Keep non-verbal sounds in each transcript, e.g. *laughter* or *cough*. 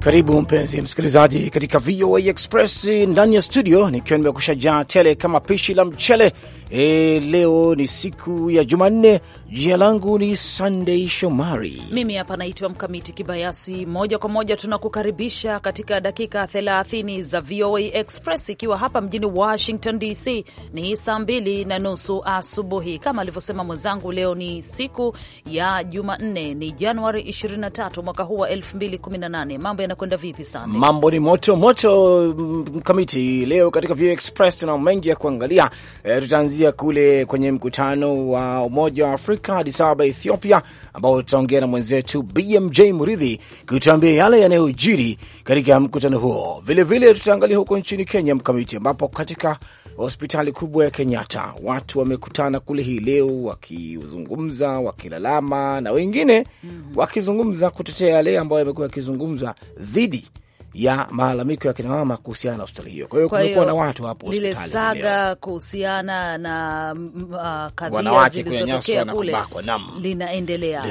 Karibu mpenzi msikilizaji katika VOA Express ndani ya studio, nikiwa nimekushajaa tele kama pishi la mchele. E, leo ni siku ya Jumanne. Jina langu ni Sunday Shomari, mimi hapa naitwa Mkamiti Kibayasi. Moja kwa moja tunakukaribisha katika dakika 30 za VOA Express, ikiwa hapa mjini Washington DC ni saa mbili na nusu asubuhi. Kama alivyosema mwenzangu, leo ni siku ya Jumanne, ni Januari 23 mwaka huu wa 2018. Mambo yanakwenda vipi sana? Mambo ni moto moto mm, Kamiti. Leo katika View Express tuna mengi ya kuangalia e, tutaanzia kule kwenye mkutano wa Umoja wa Afrika Addis Ababa, Ethiopia, ambao tutaongea na mwenzetu BMJ Muridhi kutuambia yale yanayojiri katika mkutano huo. Vilevile tutaangalia huko nchini Kenya mkamiti, ambapo katika hospitali kubwa ya Kenyatta watu wamekutana kule hii leo wakizungumza, wakilalama na wengine mm -hmm. wakizungumza kutetea yale ambayo yamekuwa yakizungumza dhidi ya malalamiko ya kinamama kuhusiana na hospitali hiyo. Kwa hiyo kumekuwa na watu hapo hospitali, saga kuhusiana na uh, kadhia zilizotokea kule linaendelea,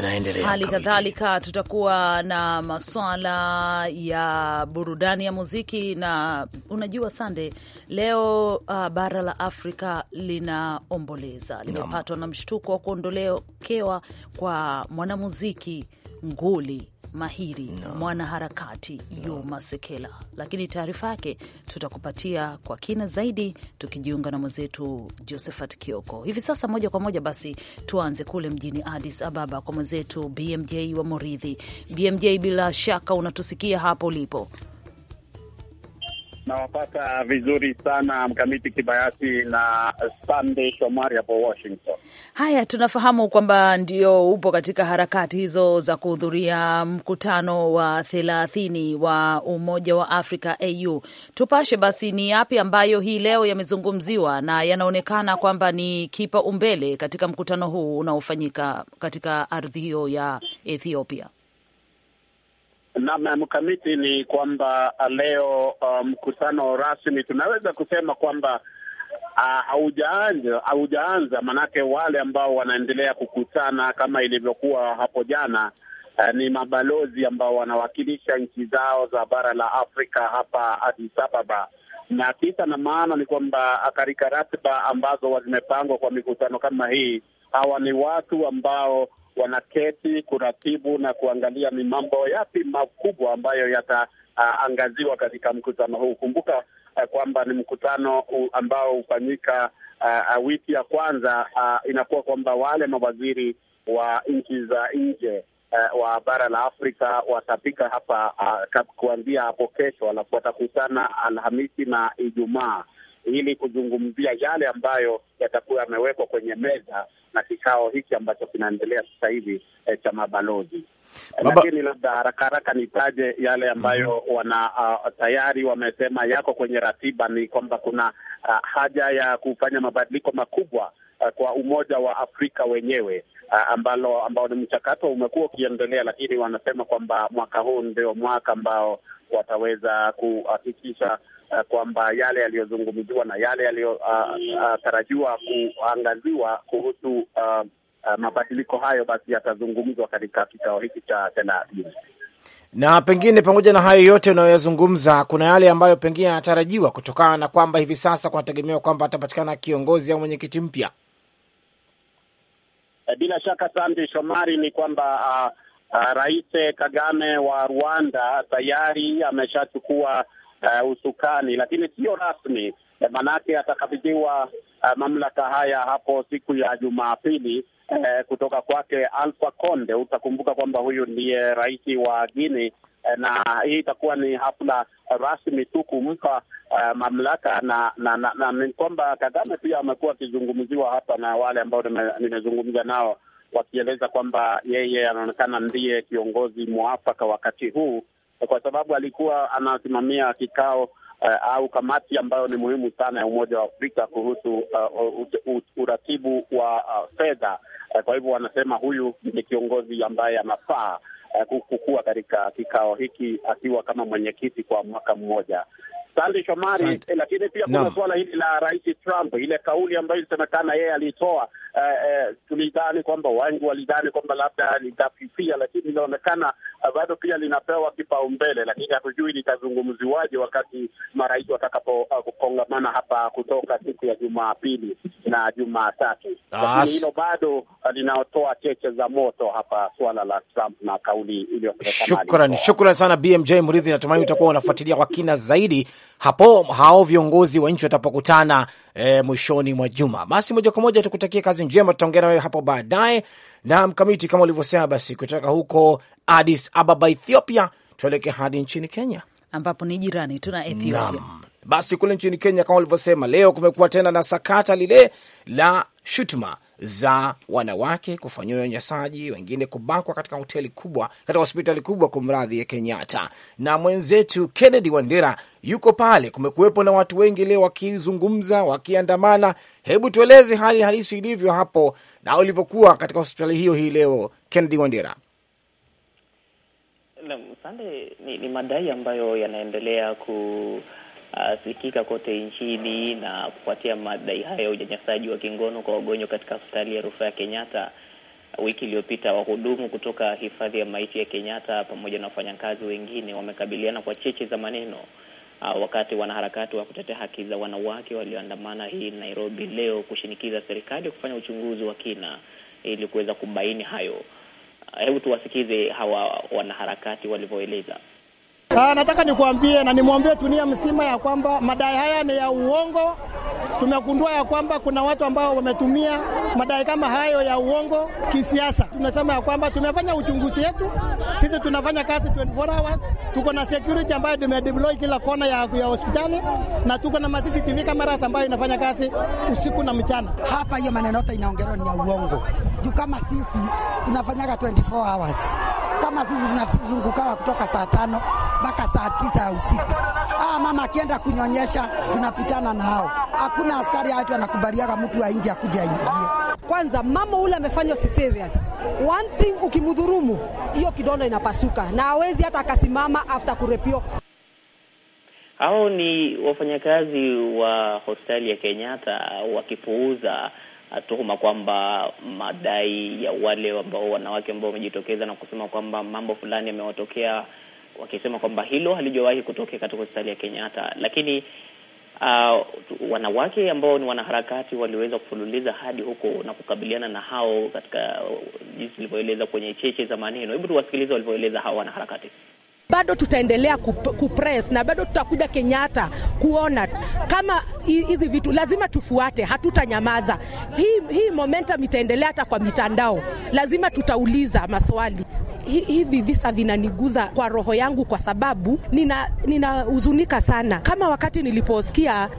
Hali kadhalika tutakuwa na maswala ya burudani ya muziki, na unajua Sande, leo uh, bara la Afrika linaomboleza, limepatwa na mshtuko wa kuondolekewa kwa mwanamuziki nguli mahiri no. mwanaharakati no. Yuma Sekela, lakini taarifa yake tutakupatia kwa kina zaidi tukijiunga na mwenzetu Josephat Kioko hivi sasa moja kwa moja. Basi tuanze kule mjini Addis Ababa kwa mwenzetu BMJ wa Moridhi. BMJ, bila shaka unatusikia hapo ulipo? Nawapata vizuri sana Mkamiti Kibayasi na sande Shomari hapo Washington. Haya, tunafahamu kwamba ndio upo katika harakati hizo za kuhudhuria mkutano wa thelathini wa Umoja wa Afrika AU. Tupashe basi, ni yapi ambayo hii leo yamezungumziwa na yanaonekana kwamba ni kipa umbele katika mkutano huu unaofanyika katika ardhi hiyo ya Ethiopia? nam mkamiti ni kwamba uh, leo uh, mkutano um, rasmi tunaweza kusema kwamba uh, haujaanza uh, manake wale ambao wanaendelea kukutana kama ilivyokuwa hapo jana uh, ni mabalozi ambao wanawakilisha nchi zao za bara la Afrika hapa Addis Ababa, na kisa na maana ni kwamba katika ratiba ambazo zimepangwa kwa mikutano kama hii, hawa ni watu ambao wanaketi kuratibu na kuangalia ni mambo yapi makubwa ambayo yataangaziwa uh, katika mkutano huu. Kumbuka uh, kwamba ni mkutano uh, ambao hufanyika uh, uh, wiki ya kwanza uh, inakuwa kwamba wale mawaziri wa nchi za nje uh, wa bara la Afrika watapika hapa uh, kuanzia hapo kesho, alafu watakutana Alhamisi na Ijumaa ili kuzungumzia yale ambayo yatakuwa yamewekwa kwenye meza na kikao hiki ambacho kinaendelea sasa hivi eh, cha mabalozi Baba... Eh, lakini labda haraka haraka nitaje yale ambayo mhm. wana uh, tayari wamesema yako kwenye ratiba. Ni kwamba kuna uh, haja ya kufanya mabadiliko makubwa Eh, kwa Umoja wa Afrika wenyewe eh, ambalo ambao ni mchakato umekuwa ukiendelea, lakini wanasema kwamba mwaka huu ndio mwaka ambao wataweza kuhakikisha uh, kwamba yale yaliyozungumziwa na yale yaliyotarajiwa uh, uh, kuangaziwa kuhusu uh, uh, mabadiliko hayo basi yatazungumzwa katika kikao hiki cha thelathini na pengine pamoja na hayo yote unayoyazungumza, kuna yale ambayo pengine yanatarajiwa kutokana na kwamba hivi sasa kunategemewa kwamba atapatikana kiongozi au mwenyekiti mpya. Eh, bila shaka sandi Shomari, ni kwamba uh, uh, Rais Kagame wa Rwanda tayari ameshachukua uh, usukani, lakini sio rasmi, eh, maanake atakabidhiwa uh, mamlaka haya hapo siku ya Jumapili uh, kutoka kwake Alpha Konde. Utakumbuka kwamba huyu ndiye rais wa Guinea Eh, na hii itakuwa ni hafla rasmi tu kumpa uh, mamlaka na na, na, na ni kwamba Kagame pia amekuwa akizungumziwa hapa na wale ambao nimezungumza nao wakieleza kwamba yeye anaonekana ndiye kiongozi mwafaka wakati huu kwa sababu alikuwa anasimamia kikao uh, au kamati ambayo ni muhimu sana ya Umoja wa Afrika kuhusu uh, uratibu wa uh, fedha. Uh, kwa hivyo wanasema huyu ni kiongozi ambaye anafaa uh, kukua katika kikao hiki akiwa kama mwenyekiti kwa mwaka mmoja. Sande Shomari, eh, lakini pia kuna no. suala hili la Rais Trump, ile kauli ambayo ilisemekana yeye alitoa Eh, eh, tulidhani kwamba wengi walidhani kwamba labda litafifia, lakini linaonekana eh, bado pia linapewa kipaumbele, lakini hatujui litazungumziwaje wakati marais watakapokongamana eh, uh, hapa kutoka siku ya Jumapili na Jumatatu, ah, lakini hilo bado uh, linaotoa cheche za moto hapa suala la Trump na kauli iliyoshukran Shukran, sana BMJ Mridhi, natumai utakuwa unafuatilia kwa kina zaidi hapo hao viongozi wa nchi watapokutana eh, mwishoni mwa juma. Basi moja kwa moja tukutakie kazi kazi njema, tutaongea nawe hapo baadaye. Na mkamiti, kama ulivyosema, basi kutoka huko Addis Ababa, Ethiopia, tuelekee hadi nchini Kenya ambapo ni jirani, tuna Ethiopia Nam. Basi kule nchini Kenya, kama ulivyosema, leo kumekuwa tena na sakata lile la shutuma za wanawake kufanyiwa unyanyasaji, wengine kubakwa katika hoteli kubwa, katika hospitali kubwa, kumradhi, ya Kenyatta. Na mwenzetu Kennedy Wandera yuko pale. Kumekuwepo na watu wengi leo wakizungumza, wakiandamana. Hebu tueleze hali halisi ilivyo hapo na ulivyokuwa katika hospitali hiyo hii leo, Kennedy Wandera. Sande, ni, ni madai ambayo yanaendelea ku Ah, sikika kote nchini na kufuatia madai hayo ya unyanyasaji wa kingono kwa wagonjwa katika hospitali ya rufaa ya Kenyatta. Wiki iliyopita wahudumu kutoka hifadhi ya maiti ya Kenyatta pamoja na wafanyakazi wengine wamekabiliana kwa cheche za maneno uh, wakati wanaharakati wa kutetea haki za wanawake walioandamana hii Nairobi leo kushinikiza serikali kufanya uchunguzi wa kina ili kuweza kubaini hayo. Ah, hebu tuwasikize hawa wanaharakati walivyoeleza. Aa, ah, nataka nikuambie na nimwambie tunia msima ya kwamba madai haya ni ya uongo. Tumegundua ya kwamba kuna watu ambao wametumia madai kama hayo ya uongo kisiasa. Tumesema ya kwamba tumefanya uchunguzi yetu, sisi tunafanya kazi 24 hours, tuko na security ambayo tumedeploy kila kona ya, ya hospitali na tuko na CCTV cameras ambayo inafanya kazi usiku na mchana. Hapa hiyo maneno yote inaongelewa ni ya uongo juu kama sisi tunafanyaga 24 hours kama sisi tunazungukawa kutoka saa tano mpaka saa tisa ya usiku. aa ah, mama akienda kunyonyesha tunapitana na hao. Hakuna askari hatu anakubaliaga mtu wa nje akuja aingie. Kwanza mama ule amefanywa cesarean. One thing ukimudhurumu, hiyo kidondo inapasuka na hawezi hata akasimama after kurepio. Hao ni wafanyakazi wa hospitali ya Kenyatta wakipuuza Uh, tuhuma kwamba madai ya wale ambao wanawake ambao wamejitokeza na kusema kwamba mambo fulani yamewatokea wakisema kwamba hilo halijawahi kutokea katika hospitali ya Kenyatta, lakini uh, wanawake ambao ni wanaharakati waliweza kufululiza hadi huko na kukabiliana na hao katika uh, jinsi ilivyoeleza kwenye cheche za maneno. Hebu tuwasikilize walivyoeleza hao wanaharakati bado tutaendelea kupress na bado tutakuja Kenyatta kuona kama hizi vitu lazima tufuate, hatutanyamaza. Hii, hii momentum itaendelea hata kwa mitandao, lazima tutauliza maswali. Hivi visa vinaniguza kwa roho yangu kwa sababu ninahuzunika nina sana. Kama wakati niliposikia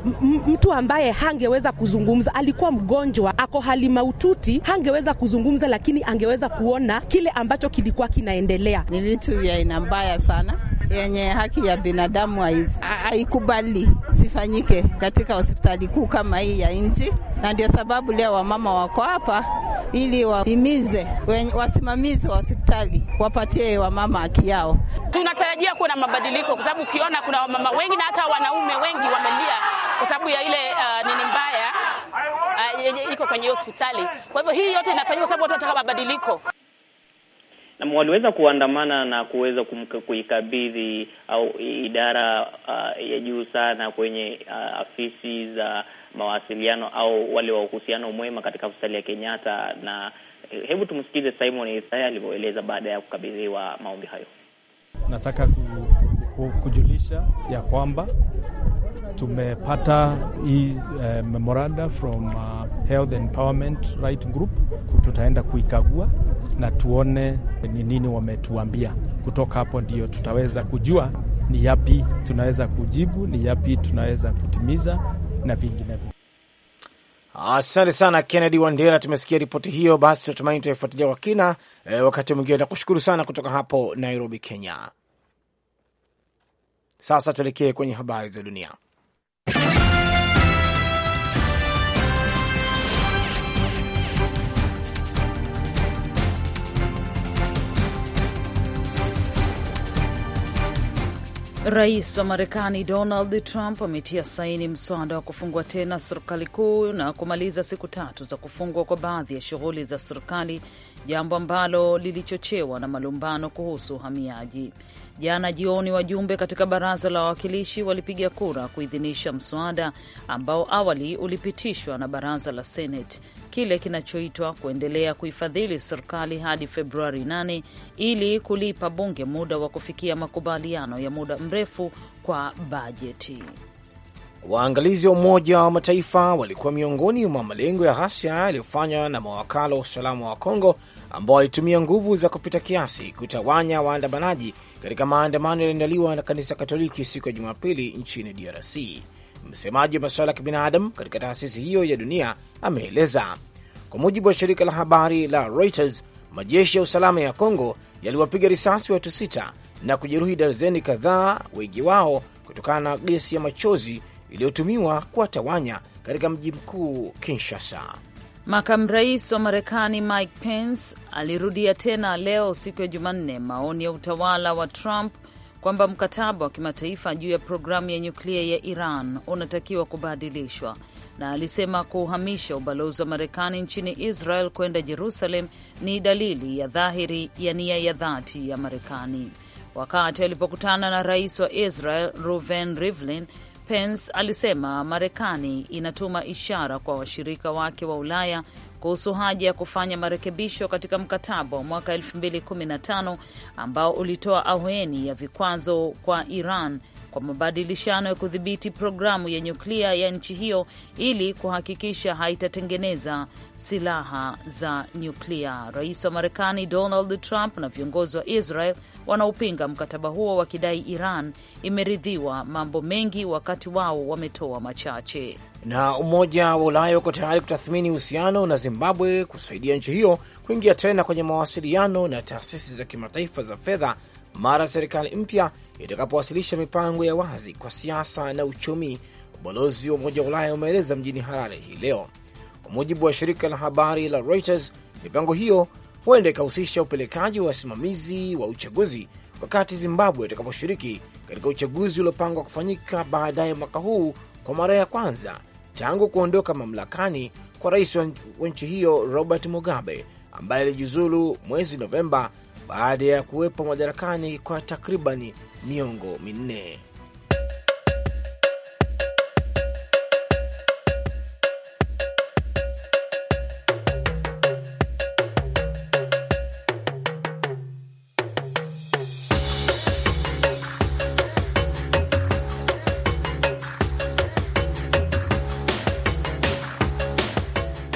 mtu ambaye hangeweza kuzungumza, alikuwa mgonjwa, ako hali maututi hangeweza kuzungumza, lakini angeweza kuona kile ambacho kilikuwa kinaendelea. Ni vitu vya aina mbaya sana sana yenye haki ya binadamu haikubali sifanyike katika hospitali kuu kama hii ya nchi, na ndio sababu leo wamama wako hapa ili wahimize wasimamizi wa hospitali wapatie wamama haki yao. Tunatarajia kuwa na mabadiliko, kwa sababu ukiona kuna wamama wengi na hata wanaume wengi wamelia kwa sababu ya ile uh, nini mbaya uh, iko kwenye hospitali. Kwa hivyo hii yote inafanyika kwa sababu watu wanataka mabadiliko na waliweza kuandamana na kuweza kuikabidhi au idara uh, ya juu sana kwenye uh, afisi za mawasiliano au wale wa uhusiano mwema katika hospitali ya Kenyatta. Na eh, hebu tumsikize Simon Ithaya alivyoeleza baada ya kukabidhiwa maombi hayo. Nataka kujulisha ya kwamba tumepata hii uh, memoranda from uh, Health Empowerment Right Group. Tutaenda kuikagua na tuone ni nini wametuambia. Kutoka hapo ndio tutaweza kujua ni yapi tunaweza kujibu, ni yapi tunaweza kutimiza na vinginevyo. Asante sana Kennedy Wandera, tumesikia ripoti hiyo. Basi tunatumaini tutaifuatilia kwa kina e, wakati mwingine. Nakushukuru sana kutoka hapo Nairobi, Kenya. Sasa tuelekee kwenye habari za dunia. Rais wa Marekani Donald Trump ametia saini mswada wa kufungua tena serikali kuu na kumaliza siku tatu za kufungwa kwa baadhi ya shughuli za serikali, jambo ambalo lilichochewa na malumbano kuhusu uhamiaji. Jana jioni, wajumbe katika baraza la wawakilishi walipiga kura kuidhinisha mswada ambao awali ulipitishwa na baraza la Seneti, kile kinachoitwa kuendelea kuifadhili serikali hadi Februari 8 ili kulipa bunge muda wa kufikia makubaliano ya muda mrefu kwa bajeti. Waangalizi wa Umoja wa Mataifa walikuwa miongoni mwa malengo ya ghasia yaliyofanywa na mawakala wa usalama wa Kongo ambao walitumia nguvu za kupita kiasi kutawanya waandamanaji katika maandamano yaliyoandaliwa na kanisa Katoliki siku ya Jumapili nchini DRC. Msemaji wa masuala ya kibinadamu katika taasisi hiyo ya dunia ameeleza, kwa mujibu wa shirika la habari la Reuters, majeshi ya usalama ya Kongo yaliwapiga risasi watu sita na kujeruhi darzeni kadhaa, wengi wao kutokana na gesi ya machozi iliyotumiwa kuwatawanya katika mji mkuu Kinshasa. Makamu rais wa Marekani Mike Pence alirudia tena leo siku ya Jumanne maoni ya utawala wa Trump kwamba mkataba wa kimataifa juu ya programu ya nyuklia ya Iran unatakiwa kubadilishwa, na alisema kuhamisha ubalozi wa Marekani nchini Israel kwenda Jerusalem ni dalili ya dhahiri ya nia ya dhati ya Marekani. Wakati alipokutana na rais wa Israel Reuven Rivlin Pence alisema Marekani inatuma ishara kwa washirika wake wa Ulaya kuhusu haja ya kufanya marekebisho katika mkataba wa mwaka 2015 ambao ulitoa ahueni ya vikwazo kwa Iran kwa mabadilishano ya kudhibiti programu ya nyuklia ya nchi hiyo ili kuhakikisha haitatengeneza silaha za nyuklia. Rais wa Marekani Donald Trump na viongozi wa Israel wanaopinga mkataba huo wakidai Iran imeridhiwa mambo mengi wakati wao wametoa machache. Na Umoja wa Ulaya uko tayari kutathmini uhusiano na Zimbabwe kusaidia nchi hiyo kuingia tena kwenye mawasiliano na taasisi za kimataifa za fedha mara serikali mpya itakapowasilisha mipango ya wazi kwa siasa na uchumi. Ubalozi wa Umoja wa Ulaya umeeleza mjini Harare hii leo. Kwa mujibu wa shirika la habari la Reuters, mipango hiyo huenda ikahusisha upelekaji wa wasimamizi wa uchaguzi wakati Zimbabwe itakaposhiriki katika uchaguzi uliopangwa kufanyika baadaye mwaka huu kwa mara ya kwanza tangu kuondoka mamlakani kwa rais wa nchi hiyo Robert Mugabe ambaye alijiuzulu mwezi Novemba baada ya kuwepo madarakani kwa takribani miongo minne.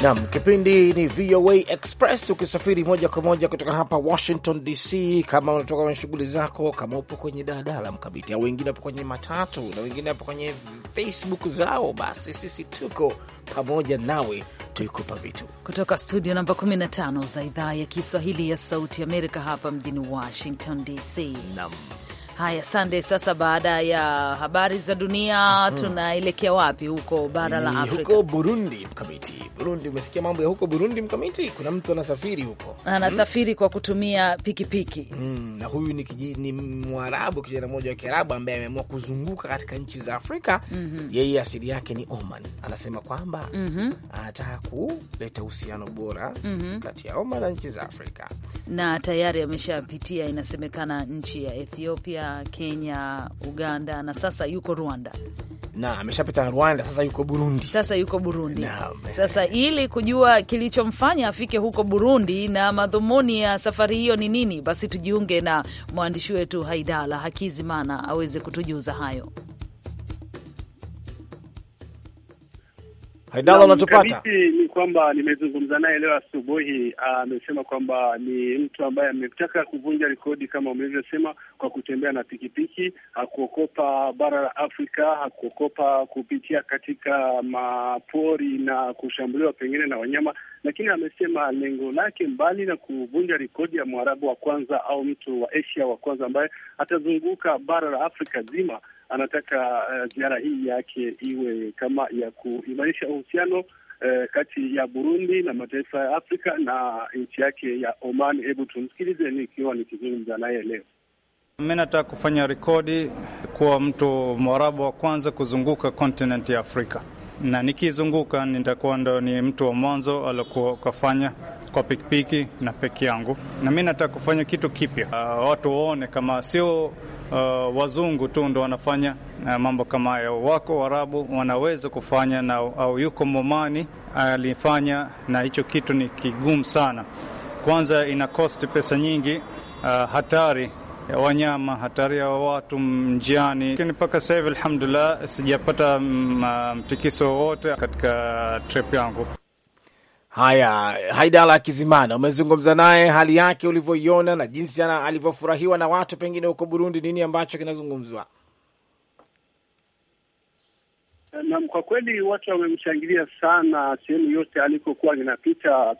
Nam, kipindi ni VOA Express, ukisafiri moja kwa moja kutoka hapa Washington DC. Kama unatoka kwenye shughuli zako, kama upo kwenye daladala mkabiti, au wengine hapo kwenye matatu na wengine hapo kwenye Facebook zao, basi sisi tuko pamoja nawe, tuikupa vitu kutoka studio namba 15 za idhaa ya Kiswahili ya Sauti Amerika hapa mjini Washington DC. Nam Haya, sande. Sasa baada ya habari za dunia mm -hmm. tunaelekea wapi? Huko bara la Afrika, huko Burundi mkamiti. Burundi, umesikia mambo ya huko Burundi mkamiti? Kuna mtu anasafiri huko, anasafiri -hmm. kwa kutumia pikipiki piki. Hmm, na huyu ni, ni Mwarabu, kijana mmoja wa Kiarabu ambaye ameamua kuzunguka katika nchi za Afrika mm -hmm. yeye asili yake ni Oman. Anasema kwamba mm -hmm. anataka kuleta uhusiano bora mm -hmm. kati ya Oman na nchi za Afrika, na tayari ameshapitia inasemekana nchi ya Ethiopia Tanzania, Kenya, Uganda na sasa yuko Rwanda na ameshapita Rwanda, sasa yuko Burundi, sasa yuko Burundi na, sasa ili kujua kilichomfanya afike huko Burundi na madhumuni ya safari hiyo ni nini, basi tujiunge na mwandishi wetu Haidala Hakizimana aweze kutujuza hayo. Haidala, unatupata? Ni kwamba nimezungumza naye leo asubuhi, amesema kwamba ni mtu ambaye ametaka kuvunja rekodi kama umevyosema, kwa kutembea na pikipiki. Hakuokopa bara la Afrika, hakuokopa kupitia katika mapori na kushambuliwa pengine na wanyama, lakini amesema lengo lake mbali na kuvunja rekodi ya mwarabu wa kwanza au mtu wa Asia wa kwanza ambaye atazunguka bara la Afrika zima, anataka eh, ziara uh, hii yake iwe kama ya kuimarisha uhusiano eh, kati ya Burundi na mataifa ya Afrika na nchi yake ya Oman. Hebu tumsikilize nikiwa nikizungumza naye leo. Mi nataka kufanya rekodi kuwa mtu mwarabu wa kwanza kuzunguka kontinenti ya Afrika na nikizunguka nitakuwa ndo ni mtu wa mwanzo aliokuwa kafanya kwa pikipiki na peke yangu, na mi nataka kufanya kitu kipya, uh, watu waone kama sio uh, wazungu tu ndo wanafanya uh, mambo kama hayo. Wako warabu wanaweza kufanya na, au yuko Momani alifanya, na hicho kitu ni kigumu sana. Kwanza ina kosti pesa nyingi, uh, hatari ya wanyama, hatari ya watu njiani, lakini mpaka sasa hivi alhamdulillah sijapata mm, mtikiso wowote katika trip yangu. Haya, Haidala Kizimana, umezungumza naye hali yake ulivyoiona na jinsi alivyofurahiwa na watu, pengine huko Burundi, nini ambacho kinazungumzwa? Naam, kwa kweli watu wamemshangilia sana sehemu yote alikokuwa inapita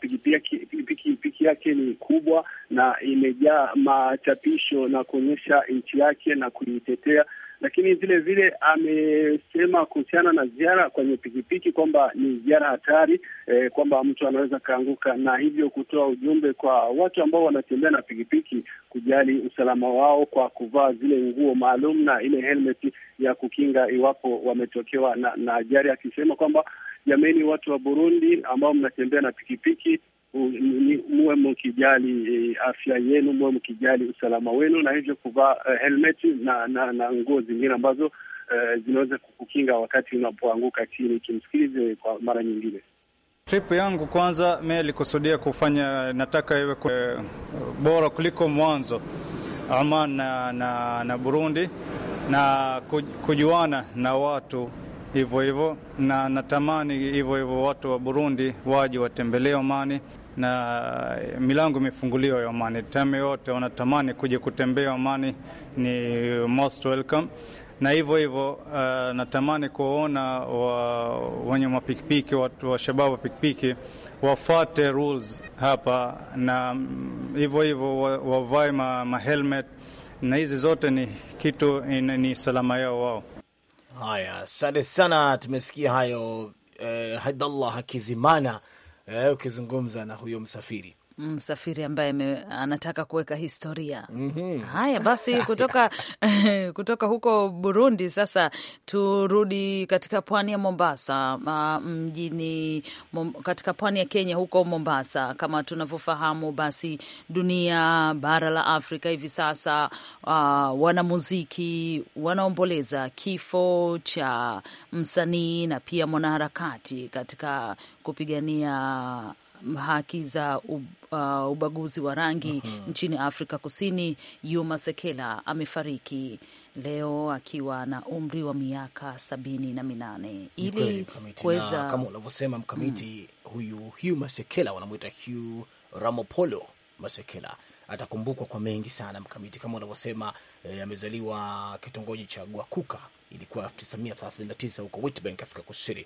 Pikipiki yake ni kubwa na imejaa machapisho na kuonyesha nchi yake na kuitetea lakini vile vile amesema kuhusiana na ziara kwenye pikipiki kwamba ni ziara hatari eh, kwamba mtu anaweza kaanguka, na hivyo kutoa ujumbe kwa watu ambao wanatembea na pikipiki kujali usalama wao kwa kuvaa zile nguo maalum na ile helmet ya kukinga iwapo wametokewa na ajali, akisema kwamba jameni, watu wa Burundi ambao mnatembea na pikipiki muwe mkijali e, afya yenu, muwe mkijali usalama wenu, na hivyo kuvaa e, helmet na na, na nguo zingine ambazo uh, zinaweza kukukinga wakati unapoanguka chini. Kimsikilize kwa mara nyingine. Trip yangu kwanza, mimi nilikusudia kufanya, nataka iwe kwe, bora kuliko mwanzo Oman na, na, na Burundi na kujuana na watu hivyo hivyo, na natamani hivyo hivyo watu wa Burundi waje watembelee Omani na eh, milango imefunguliwa ya Omani. Time yote wanatamani kuja kutembea Omani ni most welcome, na hivyo hivyo uh, natamani kuwaona wa, wenye mapikipiki watu wa shababu wa pikipiki wafate rules hapa, na mm, hivyo hivyo wavae ma, ma helmet na hizi zote ni kitu in, ni salama yao wao. Haya, asante sana, tumesikia hayo eh, Haidallah Hakizimana eh, ukizungumza na huyo msafiri msafiri ambaye anataka kuweka historia. mm -hmm. Haya basi, kutoka *laughs* kutoka huko Burundi sasa turudi katika pwani ya Mombasa, mjini mom, katika pwani ya Kenya huko Mombasa. Kama tunavyofahamu, basi dunia, bara la Afrika hivi sasa uh, wanamuziki wanaomboleza kifo cha msanii na pia mwanaharakati katika kupigania haki za uh, ubaguzi wa rangi mm -hmm. nchini Afrika Kusini, Yuma Sekela amefariki leo akiwa na umri wa miaka sabini na minane ili kuweza kama unavyosema mkamiti mm. huyu Hugh Masekela wanamwita Hugh Ramopolo Masekela atakumbukwa kwa mengi sana mkamiti, kama unavyosema eh, amezaliwa kitongoji cha Gwakuka ilikuwa 1939 huko Witbank, Afrika Kusini.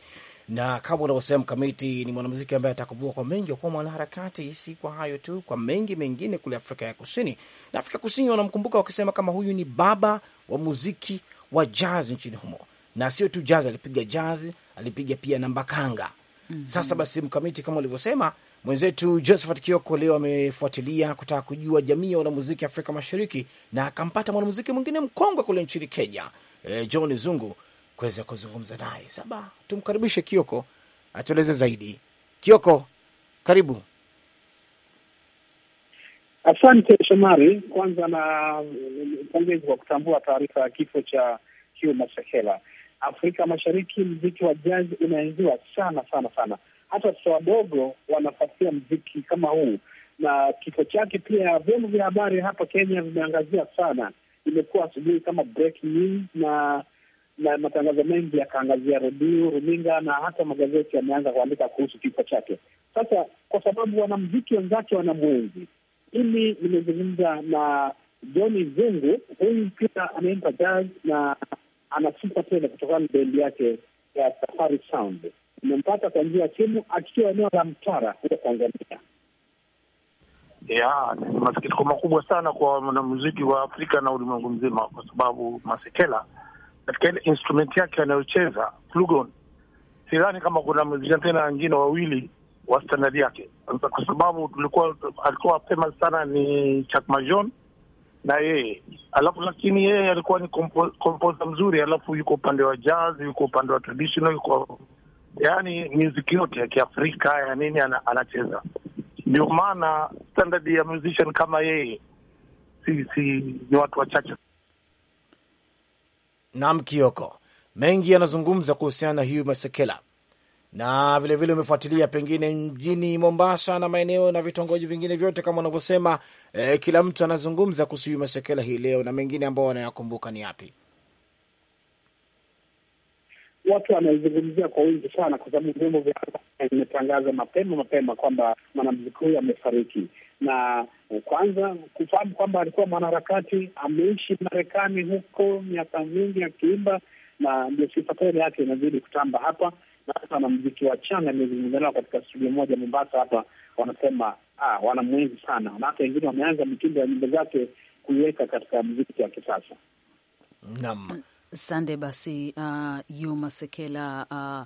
Na kama unavyosema Mkamiti, ni mwanamuziki ambaye atakumbuka kwa mengi, kwa mwanaharakati, si kwa hayo tu, kwa mengi mengine kule Afrika ya Kusini. Na Afrika Kusini wanamkumbuka wakisema kama huyu ni baba wa muziki wa jazz nchini humo, na sio tu jazz, alipiga jazz, alipiga pia nambakanga. Mm -hmm. Sasa basi, Mkamiti, kama ulivyosema mwenzetu Josephat Kioko leo amefuatilia kutaka kujua jamii ya wanamuziki Afrika Mashariki na akampata mwanamuziki mwingine mkongwe kule nchini Kenya eh, John Zungu kuweza kuzungumza naye. Saba, tumkaribishe Kioko atueleze zaidi. Kioko, karibu. Asante Shomari. Kwanza na pongezi kwa kutambua taarifa ya kifo cha Hugh Masekela. Afrika Mashariki, mziki wa jazz unaenziwa sana sana sana, hata watoto wadogo wanafasia mziki kama huu, na kifo chake pia vyombo vya habari hapa Kenya vimeangazia sana imekuwa asubuhi kama break news, na na matangazo mengi yakaangazia redio, runinga na hata magazeti yameanza kuandika kuhusu kifo chake. Sasa kwa sababu wanamziki wenzake wanamwenzi, mimi nimezungumza na joni Zungu, huyu pia anaimba jazz na anasifa tena kutokana na bendi yake ya Safari Sound. Nimempata kwa njia ya simu akiwa eneo la Mtwara huko Tanzania ya ni masikitiko makubwa sana kwa wanamuziki wa Afrika na ulimwengu mzima, kwa sababu Masekela katika ile instrument yake anayocheza flugon, sidhani kama kuna muziki tena wengine wawili wa standard yake, kwa sababu tulikuwa alikuwa famous sana ni Chuck Majon na yeye alafu, lakini yeye alikuwa ni kompoza mzuri, alafu yuko upande wa jazz, yuko upande wa traditional, yuko yani muziki yote ya Kiafrika ya nini anacheza ana ndio maana standard ya musician kama yeye si, si ni watu wachache. Naam, Kioko, mengi yanazungumza kuhusiana na Hugh Masekela na vilevile umefuatilia vile pengine mjini Mombasa na maeneo na vitongoji vingine vyote, kama unavyosema eh, kila mtu anazungumza kuhusu Hugh Masekela hii leo, na mengine ambao wanayakumbuka ni yapi? watu wanaizungumzia kwa wingi sana, kwa sababu vyombo vya habari vimetangaza mapema mapema kwamba mwanamuziki huyu amefariki, na eh, kwanza kufahamu kwamba alikuwa mwanaharakati, ameishi Marekani huko miaka mingi akiimba, na ndio sifa tele yake inazidi kutamba hapa wanamziki wa changa imezungumza katika studio moja Mombasa hapa, wanasema ah, wanamwenzi sana, na hata wengine wameanza mitindo ya nyimbo zake kuiweka katika mziki wa kisasa. Naam, Sande basi, uh, Yuma Sekela, uh,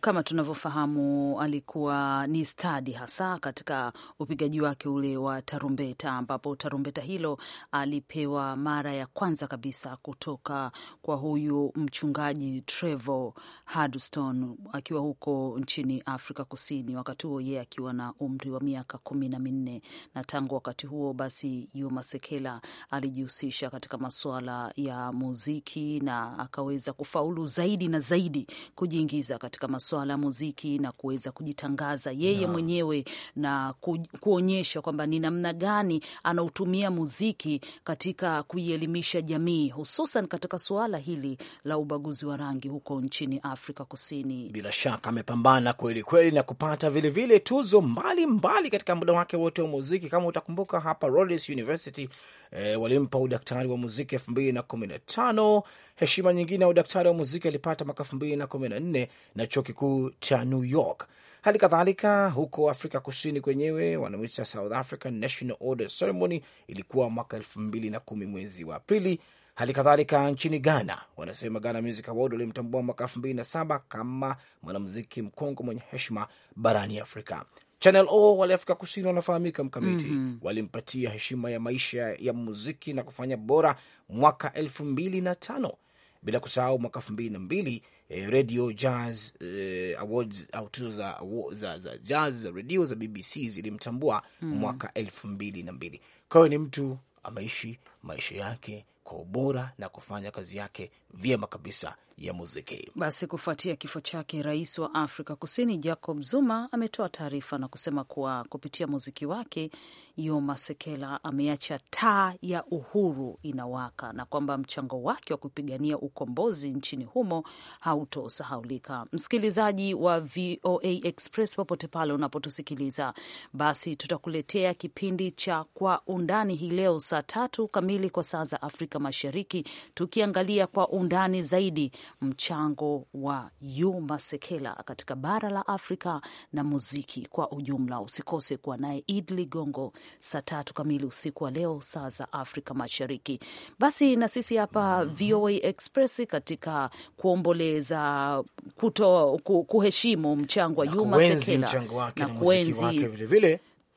kama tunavyofahamu alikuwa ni stadi hasa katika upigaji wake ule wa tarumbeta, ambapo tarumbeta hilo alipewa mara ya kwanza kabisa kutoka kwa huyu mchungaji Trevor hadston akiwa huko nchini Afrika Kusini, wakati huo yeye akiwa na umri wa miaka kumi na minne. Na tangu wakati huo basi, Yuma Sekela alijihusisha katika masuala ya muziki na akaweza kufaulu zaidi na zaidi kujiingiza katika masuala ya muziki na kuweza kujitangaza yeye no. mwenyewe na ku, kuonyesha kwamba ni namna gani anautumia muziki katika kuielimisha jamii hususan katika suala hili la ubaguzi wa rangi huko nchini Afrika Kusini. Bila shaka amepambana kweli kweli na kupata vilevile vile tuzo mbalimbali mbali katika muda wake wote wa muziki. Kama utakumbuka hapa Rhodes University eh, walimpa udaktari wa muziki elfu mbili na kumi na tano Heshima nyingine ya udaktari wa muziki alipata mwaka elfu mbili na kumi na nne na chuo kikuu cha New York. Hali kadhalika huko Afrika Kusini kwenyewe wanaoita South African National Order Ceremony ilikuwa mwaka elfu mbili na kumi mwezi wa aprili Hali kadhalika nchini Ghana wanasema Ghana Music Award walimtambua mwaka elfu mbili na saba kama mwanamuziki mkongo mwenye heshima barani Afrika. Channel O wale Afrika Kusini wanafahamika mkamiti, mm -hmm. walimpatia heshima ya maisha ya muziki na kufanya bora mwaka elfu mbili na tano bila kusahau mwaka elfu mbili na mbili eh, radio jazz eh, awards au tuzo za, za, za jazz za redio za BBC zilimtambua mm. mwaka elfu mbili na mbili. Kwa hiyo ni mtu ameishi maisha yake kwa ubora na kufanya kazi yake vyema kabisa ya muziki. Basi kufuatia kifo chake, rais wa Afrika Kusini Jacob Zuma ametoa taarifa na kusema kuwa kupitia muziki wake Yoma Sekela ameacha taa ya uhuru inawaka na kwamba mchango wake wa kupigania ukombozi nchini humo hautosahaulika. Msikilizaji wa VOA Express, popote pale unapotusikiliza, basi tutakuletea kipindi cha Kwa Undani hii leo saa tatu kamili kwa saa za Afrika Afrika Mashariki, tukiangalia kwa undani zaidi mchango wa Yuma Sekela katika bara la Afrika na muziki kwa ujumla. Usikose kuwa naye Id Ligongo saa tatu kamili usiku wa leo, saa za Afrika Mashariki. Basi na sisi hapa VOA Express katika kuomboleza kuto, kuheshimu mchango wa Yuma Sekela na kuenzi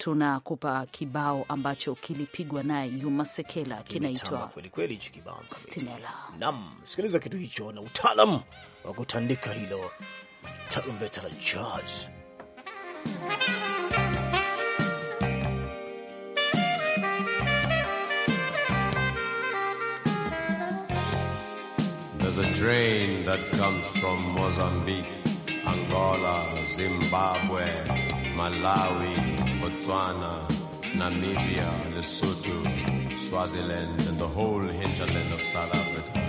tunakupa kibao ambacho kilipigwa naye Yuma Sekela, kinaitwa kwelikweli kibao Stinela. Nam, sikiliza kitu hicho na utaalam wa kutandika hilo tarumbeta la jazz. There's a train that comes from Mozambique, Angola, Zimbabwe Malawi, Botswana, Namibia, Lesotho, Swaziland, and the whole hinterland of South Africa.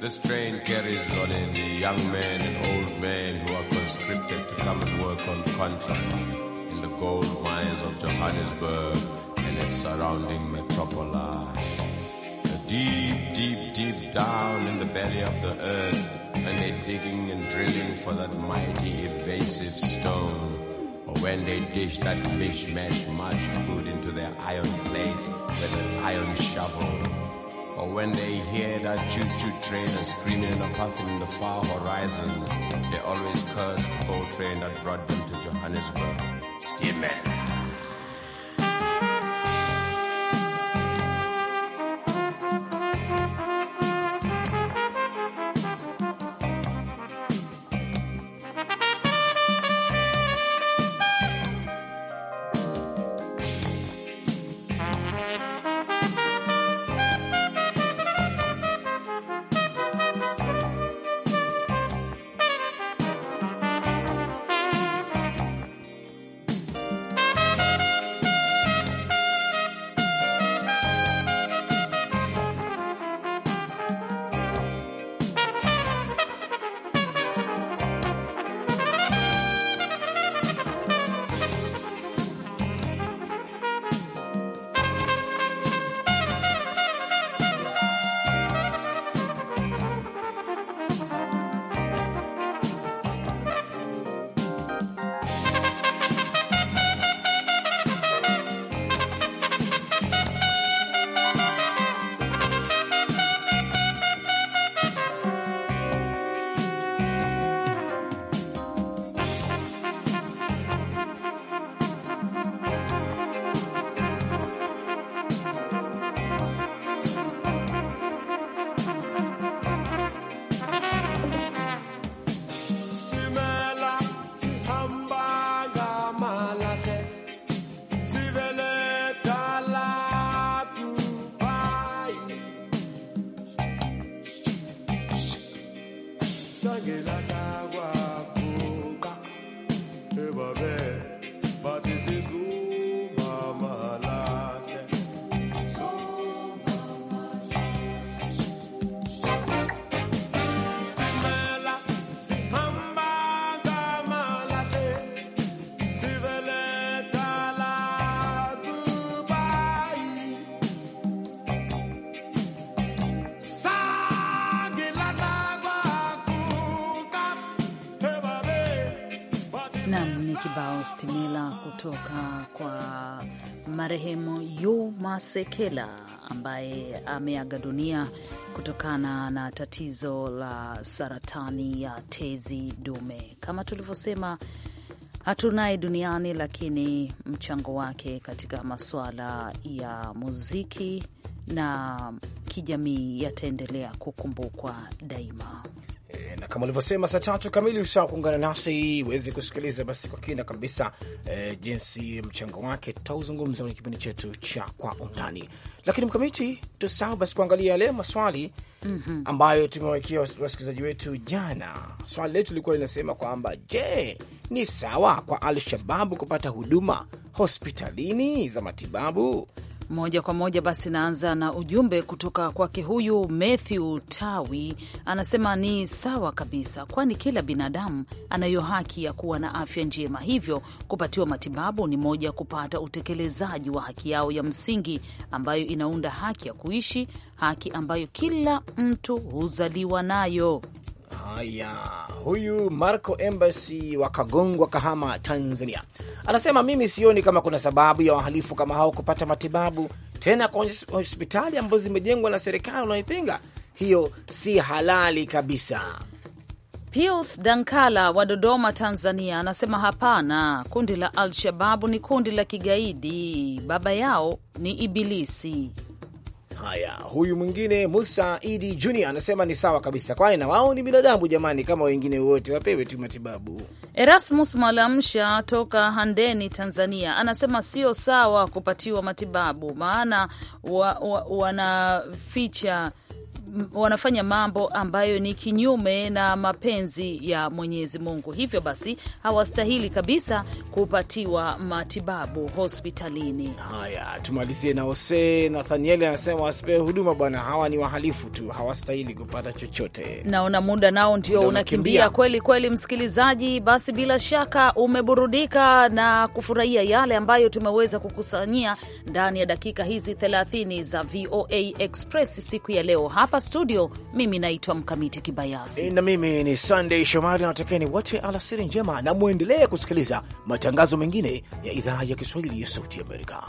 This train carries on in the young men and old men who are conscripted to come and work on contract in the gold mines of Johannesburg and its surrounding metropolis deep, deep, deep down in the belly of the earth, and they're digging and drilling for that mighty evasive stone when they dish that mishmash mush food into their iron plates with an iron shovel, or when they hear that choo-choo a screaming and puffing from the far horizon, they always curse the coal train that brought them to Johannesburg. Steamer. marehemu Yu Masekela ambaye ameaga dunia kutokana na tatizo la saratani ya tezi dume. Kama tulivyosema, hatunaye duniani, lakini mchango wake katika masuala ya muziki na kijamii yataendelea kukumbukwa daima. Eh, na kama ulivyosema saa tatu kamili usaa kuungana nasi uweze kusikiliza basi kwa kina kabisa e, jinsi mchango wake tutauzungumza kwenye kipindi chetu cha kwa undani, lakini mkamiti tusahau basi kuangalia yale maswali mm -hmm. ambayo tumewekea wasikilizaji wetu jana. Swali letu lilikuwa linasema kwamba je, ni sawa kwa Al Shababu kupata huduma hospitalini za matibabu? Moja kwa moja basi naanza na ujumbe kutoka kwake huyu Matthew Tawi, anasema ni sawa kabisa, kwani kila binadamu anayo haki ya kuwa na afya njema, hivyo kupatiwa matibabu ni moja ya kupata utekelezaji wa haki yao ya msingi ambayo inaunda haki ya kuishi, haki ambayo kila mtu huzaliwa nayo. Haya, huyu Marco Embassy wa Kagongwa, Kahama, Tanzania anasema mimi sioni kama kuna sababu ya wahalifu kama hao kupata matibabu tena kwa hospitali ambazo zimejengwa na serikali unaoipinga. Hiyo si halali kabisa. Pius Dankala wa Dodoma, Tanzania anasema hapana, kundi la Al-Shababu ni kundi la kigaidi, baba yao ni Ibilisi. Haya, huyu mwingine Musa Idi Junior anasema ni sawa kabisa, kwani na wao ni binadamu jamani, kama wengine wote, wapewe tu matibabu. Erasmus Mwalamsha toka Handeni, Tanzania, anasema sio sawa kupatiwa matibabu, maana wanaficha wa, wa wanafanya mambo ambayo ni kinyume na mapenzi ya Mwenyezi Mungu, hivyo basi hawastahili kabisa kupatiwa matibabu hospitalini. Haya, tumalizie na Hose Nathaniel anasema wasipewe huduma bwana, hawa ni wahalifu tu, hawastahili kupata chochote. Naona muda nao ndio muda unakimbia kweli kweli, msikilizaji. Basi bila shaka umeburudika na kufurahia yale ambayo tumeweza kukusanyia ndani ya dakika hizi 30 za VOA Express siku ya leo hapa hapa studio mimi naitwa Mkamiti Kibayasi na mimi ni Sunday Shomari, nawatakieni wote alasiri njema na mwendelee kusikiliza matangazo mengine ya idhaa ya Kiswahili ya Sauti Amerika.